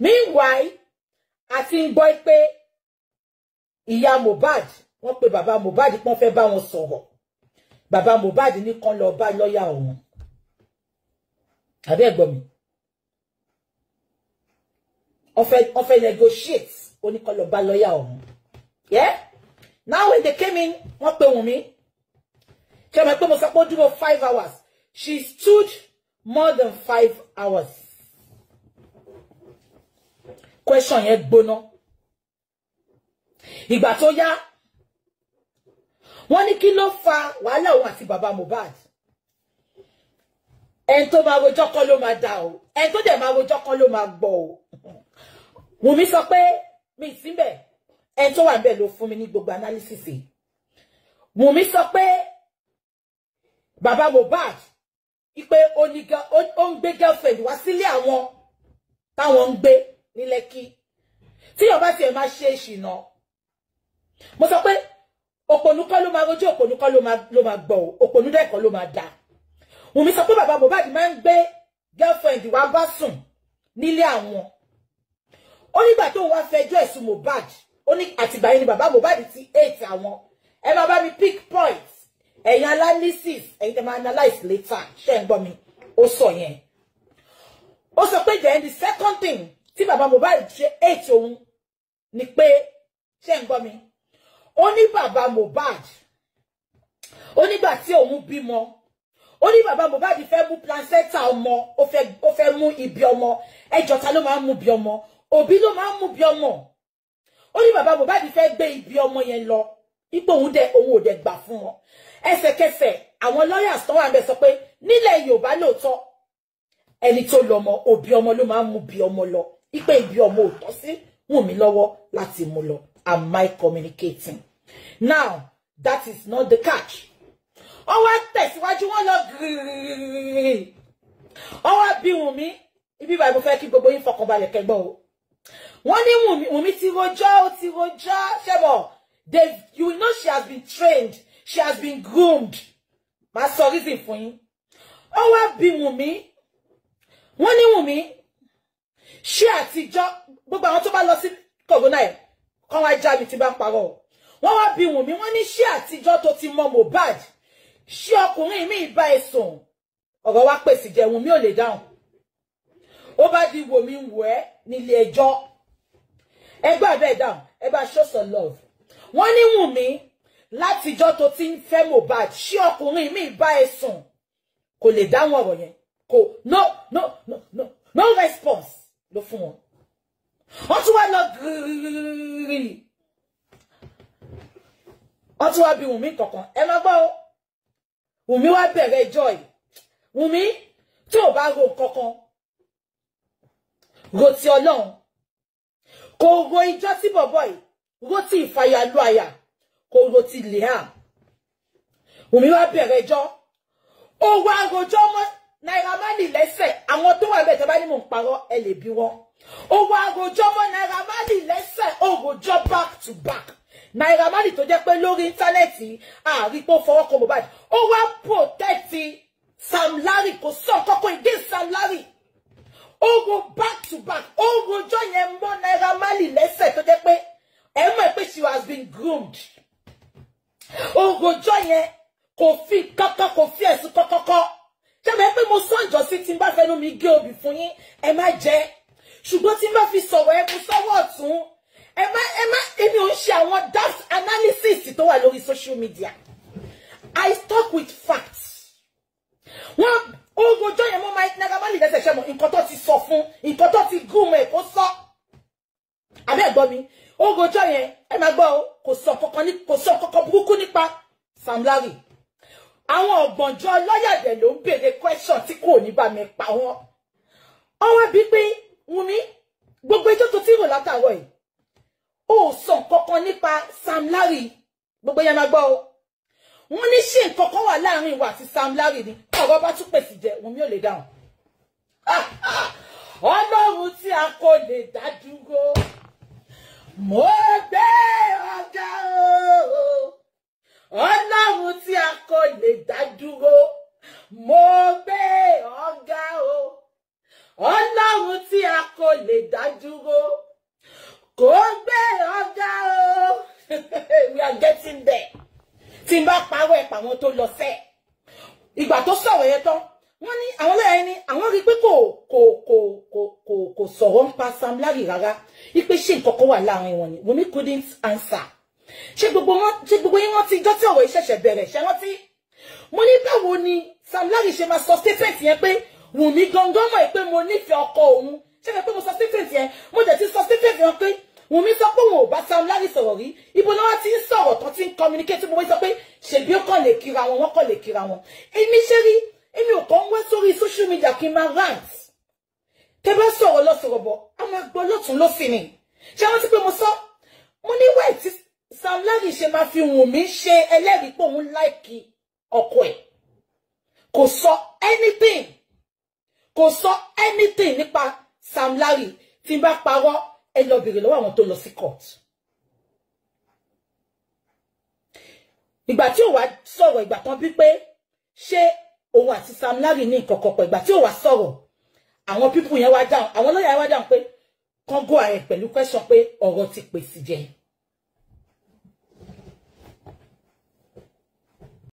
meanwhile I think ń gbọ́ pé ìyá Mohbad wọ́n bàbá Mohbad pọ́n fẹ́ bá wọn sọ̀rọ̀ bàbá Mohbad ní kán lọ bá lọ́ọ̀yà òun àbí ẹ̀gbọ́n mi wọ́n fẹ́ negotiate oníkọlọ̀ bá lọ́ọ̀yà òun yeah now when they came in wọ́n pe Wunmi ṣe mọ̀ pé mo sọ pé five hours she stood more than five hours question yet bono. Ibatoya. tó yá wọ́n kí ló fa wala òun àti bàbá Mohbad Ento ma máa wojọ́ kọ́ ló máa dà o ẹni dẹ̀ máa wojọ́ kọ́ ló máa mi simbe. Ento tó wà níbẹ̀ ló fún mi ní gbogbo analysis Wùnmí sọ pé bàbá ipe ó ń gbé girlfriend wá sílé àwọn ní Lẹ́kì tí yóò bá tiẹ̀ máa ṣe ìṣìnà mo ma pé òpònú kọ́ ló máa rojú òpònú kọ́ ló máa gbọ́ òpònú dẹ́kọ̀ ló máa dà Wùmí sọ pé bàbá Mohbad máa ń gbé girlfriend wa bá sùn nílé oni ó nígbà tó wá fẹjọ́ ẹ̀sùn Mohbad ó ní àtìgbà yẹn ni bàbá Mohbad ti eight àwọn ẹ máa mi pick points, ẹ̀yin analysis ẹ̀yin tẹ́ máa analyse later ṣé ń gbọ́ mi ó sọ yẹn ó sọ pé then the second thing tí bàbá Mohbad ṣe ètò òun ni pé ṣé ń gbọ́ mi ó ní bàbá Mohbad ó nígbà tí òun bímọ ó ní bàbá Mohbad fẹ́ mú placenta ọmọ ó fẹ́ mú ibi ọmọ ẹjọ́ ta ló máa ń mú ibi ọmọ òbí ló máa ń mú ibi ọmọ ó ní bàbá Mohbad fẹ́ gbé ibi ọmọ yẹn lọ ipò òun dẹ òun ò dẹ gbà fún wọn ẹsẹ̀kẹsẹ̀ àwọn lawyers tó wà ń bẹ sọ pé nílẹ̀ Yorùbá lóòótọ́ ẹni tó lọ́mọ òbí ọmọ ló máa ń mú bí ọmọ ipe ibi ọmọ òtọ́ sí wùn mí lọ́wọ́ láti mú lọ am I communicating now that is not the catch ó wá tẹ̀síwájú wọn lọ gírírí ó wá bí wùn mí ibi báyìí mo fẹ́ kí gbogbo yín fọkànbalẹ̀ kẹgbọ́ o wọ́n ní wùn mí ti rojọ́ ó ti rojọ́ ṣẹ́bọ̀ they you know she has been trained she has been groomed My sorry, reason fún yín ó wá bí wùn mí wọ́n ní wùn mí ṣé àtijọ́ gbogbo àwọn tó bá lọ sí kọ̀gọ́nà ẹ̀ kọ́ wá já mi ti bá ń parọ́ o wọ́n wá bí wùn mí wọ́n ní ṣé àtijọ́ tó ti mọ Mohbad ṣé ọkùnrin mi ìbá ẹ sùn ọ̀rọ̀ wá pèsè jẹun mi ò lè dáhùn ó bá di wò mí wò ẹ́ nílé ẹjọ́ ẹgbẹ́ abẹ́ dáhùn ẹ bá show some love wọ́n ní wùn mí látijọ́ tó ti ń fẹ́ Mohbad ṣé ọkùnrin mi ìbá ẹ sùn kò lè dáhùn ọ̀rọ̀ yẹn kò no no no no no response ló fún wọn wọ́n tún wá lọ gírírí wọ́n tún wá bí Wùmí kankan ẹ máa gbọ́ Wùmí wá bẹ̀rẹ̀ ìjọ yìí Wùmí tí ò bá ro kankan ro ti Ọlọ́run kò ro ìjọ tí bọ̀bọ̀ yìí ro ti ìfàyà lu àyà kò ro ti Naira Marley lẹ́sẹ̀ àwọn tó wà bẹ́ẹ̀ tẹ́ bá ní mò ń parọ́ ẹ lè bí wọ́n ó wá rojọ́ mọ́ Naira Marley lẹ́sẹ̀ ó back to back Naira Marley tó jẹ́ pé lórí íńtánẹ́ẹ̀tì ààrí tó fọwọ́ kan Mohbad ó wá protect Sam Larry kò sọ kọ́kọ́ against Sam Larry ó wo back to back ó rojọ́ yẹn mọ́ Naira Marley lẹ́sẹ̀ tó jẹ́ pé ẹ mọ̀ pé she has been groomed ó rojọ́ yẹn kò fi kọ́kọ́ kò fi ẹ̀sùn kọ́kọ́kọ́. tẹ́lẹ̀ pé mo sọ ìjọsí tí n bá fẹnu mi gé obì fún yín ẹ Should jẹ ṣùgbọ́n tí n bá fi sọ̀rọ̀ ẹ kú sọ́wọ́ ọ̀tún ẹ má ẹ má èmi ò ń ṣe àwọn daft analysis tó wà lórí social media I talk with facts wọ́n ogun ọjọ́ yẹn mo máa Naira Marley lẹ́sẹ̀ ṣẹ́ mọ̀ nǹkan tó ti sọ fún nǹkan tó ti gún mọ̀ ẹ̀ kó sọ àbẹ́ ẹ̀ gbọ́ mi ogun ọjọ́ yẹn ẹ máa gbọ́ o kò sọ kankan burúkú nípa Sam Larry àwọn ọ̀gbọ̀njọ́ lọ́yàdẹ̀ ló ń béèrè question tí kò ní bá mi pa wọ́n ọwọ́ bíi pé Wùmí gbogbo ẹjọ́ tó ti rò látàárọ̀ yìí ó sọ kankan nípa Sam Larry gbogbo yẹn máa gbọ́ o wọ́n ní ṣé nǹkan wà láàrin ìwà àti Sam Larry ni ọ̀rọ̀ bá tún pèsè jẹ Wùmí ò lè dáhùn ọlọ́run tí a kò lè dá dúró mo gbé. lè dá dúró mo gbé ọ̀gá o ọlọ́run tí a kò lè dá dúró kò gbé ọ̀gá o we are getting there tí n bá pawọ́ ẹ̀ pàwọn tó lọ fẹ́ ìgbà tó sọ̀rọ̀ yẹn tán wọ́n ní àwọn lẹ́yìn ni àwọn rí i pé kò kò kò kò kò kò sọ̀rọ̀ ń pa Sam Larry rárá ipe ṣé nǹkan kan wà láàrin wọn ni Wunmi couldn't answer ṣé gbogbo wọn ṣé gbogbo yín wọn ti jọ́ tí ọ̀rọ̀ yìí ṣẹ̀ṣẹ̀ bẹ̀rẹ̀ ṣé wọ́n ti mo ní báwo ni Sam Larry ṣe máa sọ statement pé Wùnmí gangan mọ̀ pé mo nífẹ̀ẹ́ ọkọ òun ṣé fẹ́ pé mo sọ statement yẹn mo dẹ̀ ti sọ statement mo pé Wùnmí pé bá Sam ti sọ̀rọ̀ tó ti ń communicate mo pé ṣèbí ó kàn lè kíra wọn wọ́n lè kíra wọn èmi ṣe rí èmi ò kàn sórí social media kí n rant tẹ bá sọ̀rọ̀ lọ sọ̀rọ̀ bọ̀ a máa gbọ́ lọ́tún lọ́sìn ni ṣé wọ́n ti pé mo sọ mo ní tí Sam Larry ṣe máa fi Wùnmí ṣe ẹlẹ́rìí ọkọ ẹ̀ kò sọ anything kò sọ anything nípa Sam Larry tí n bá ẹ lọ bèrè lọ́wọ́ àwọn tó lọ sí court. ìgbà tí ò wá sọ̀rọ̀ ìgbà kan bí pé ṣé òun àti Sam Larry ní nǹkan kan pọ̀ ìgbà tí ò wá sọ̀rọ̀ àwọn pípù yẹn wá dáhùn àwọn lọ́yà yẹn wá dáhùn pé kán go ahead pẹ̀lú question pé ọ̀rọ̀ ti pèsè jẹ́